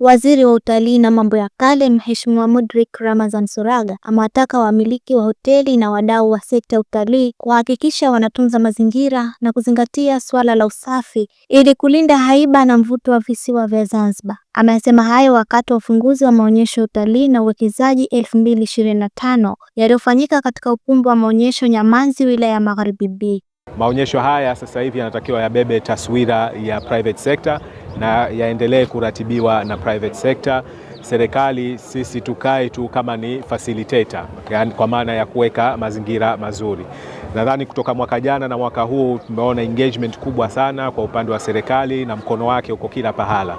Waziri wa Utalii na Mambo ya Kale, Mheshimiwa Mudrik Ramazan suraga amewataka wamiliki wa hoteli na wadau wa sekta ya utalii kuhakikisha wanatunza mazingira na kuzingatia suala la usafi ili kulinda haiba na mvuto wa visiwa vya Zanzibar. Amesema hayo wakati wa ufunguzi wa maonyesho ya utalii na uwekezaji 2025 yaliyofanyika katika ukumbi wa maonyesho Nyamanzi, wilaya ya Magharibi B. Maonyesho haya sasa hivi yanatakiwa yabebe taswira ya private sector na yaendelee kuratibiwa na private sector. Serikali sisi tukae tu kama ni facilitator, yani kwa maana ya kuweka mazingira mazuri. Nadhani kutoka mwaka jana na mwaka huu tumeona engagement kubwa sana kwa upande wa serikali na mkono wake uko kila pahala,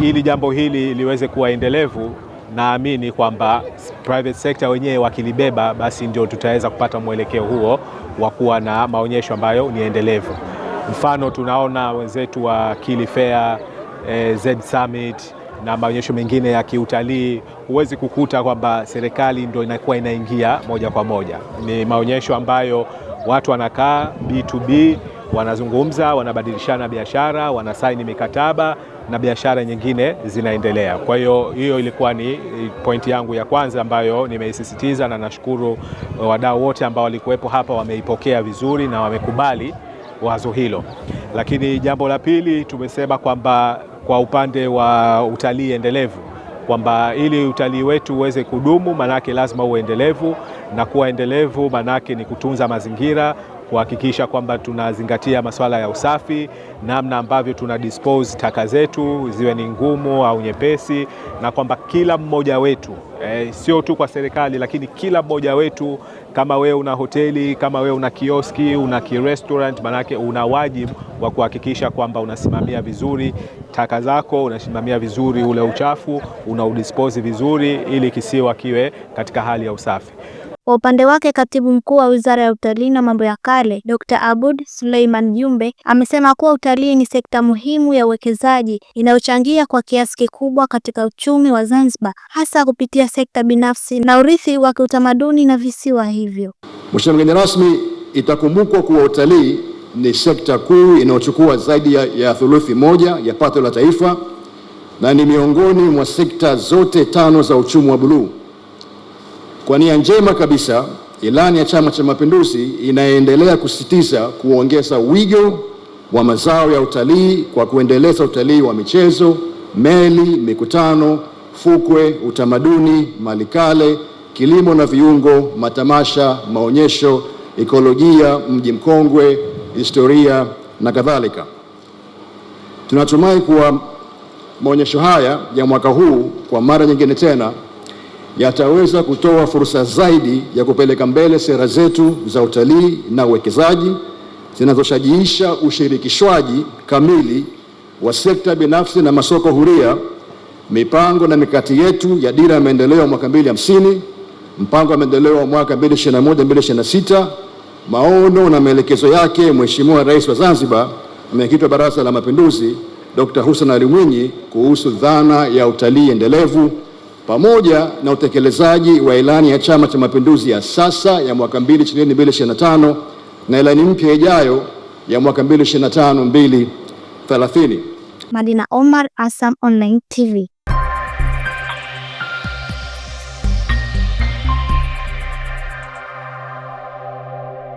ili jambo hili liweze kuwa endelevu. Naamini kwamba private sector wenyewe wakilibeba, basi ndio tutaweza kupata mwelekeo huo wa kuwa na maonyesho ambayo ni endelevu. Mfano tunaona wenzetu wa Kili Fair, e, Z Summit na maonyesho mengine ya kiutalii, huwezi kukuta kwamba serikali ndio inakuwa inaingia moja kwa moja. Ni maonyesho ambayo watu wanakaa B2B, wanazungumza, wanabadilishana biashara, wanasaini mikataba na biashara nyingine zinaendelea. Kwa hiyo hiyo ilikuwa ni eh, pointi yangu ya kwanza ambayo nimeisisitiza, na nashukuru eh, wadau wote ambao walikuwepo hapa wameipokea vizuri na wamekubali wazo hilo. Lakini jambo la pili tumesema kwamba kwa upande wa utalii endelevu kwamba ili utalii wetu uweze kudumu, maanake lazima uwe endelevu, na kuwa endelevu maanake ni kutunza mazingira, kuhakikisha kwamba tunazingatia masuala ya usafi, namna ambavyo tuna dispose taka zetu ziwe ni ngumu au nyepesi, na kwamba kila mmoja wetu e, sio tu kwa serikali, lakini kila mmoja wetu, kama wewe una hoteli, kama wewe una kioski, una kirestaurant, manake una wajibu wa kuhakikisha kwamba unasimamia vizuri taka zako, unasimamia vizuri ule uchafu, unaudisposi vizuri, ili kisiwa kiwe katika hali ya usafi. Kwa upande wake katibu mkuu wa wizara ya utalii na mambo ya kale Dr. abud Suleiman Jumbe amesema kuwa utalii ni sekta muhimu ya uwekezaji inayochangia kwa kiasi kikubwa katika uchumi wa Zanzibar hasa kupitia sekta binafsi na urithi wa kiutamaduni na visiwa hivyo. Mheshimiwa mgeni rasmi, itakumbukwa kuwa utalii ni sekta kuu inayochukua zaidi ya, ya thuluthi moja ya pato la taifa na ni miongoni mwa sekta zote tano za uchumi wa buluu. Kwa nia njema kabisa, ilani ya Chama cha Mapinduzi inaendelea kusisitiza kuongeza wigo wa mazao ya utalii kwa kuendeleza utalii wa michezo, meli, mikutano, fukwe, utamaduni, malikale, kilimo na viungo, matamasha, maonyesho, ekolojia, mji mkongwe, historia na kadhalika. Tunatumai kuwa maonyesho haya ya mwaka huu kwa mara nyingine tena yataweza kutoa fursa zaidi ya kupeleka mbele sera zetu za utalii na uwekezaji zinazoshajiisha ushirikishwaji kamili wa sekta binafsi na masoko huria. Mipango na mikakati yetu ya dira ya maendeleo ya mwaka 2050, mpango wa maendeleo wa mwaka 2021 2026, maono na maelekezo yake Mheshimiwa Rais wa Zanzibar, mwenyekiti wa Baraza la Mapinduzi Dr. Hussein Ali Mwinyi kuhusu dhana ya utalii endelevu pamoja na utekelezaji wa ilani ya Chama cha Mapinduzi ya sasa ya mwaka 2025 na ilani mpya ijayo ya mwaka 2025/2030. Madina Omar, ASAM Online TV.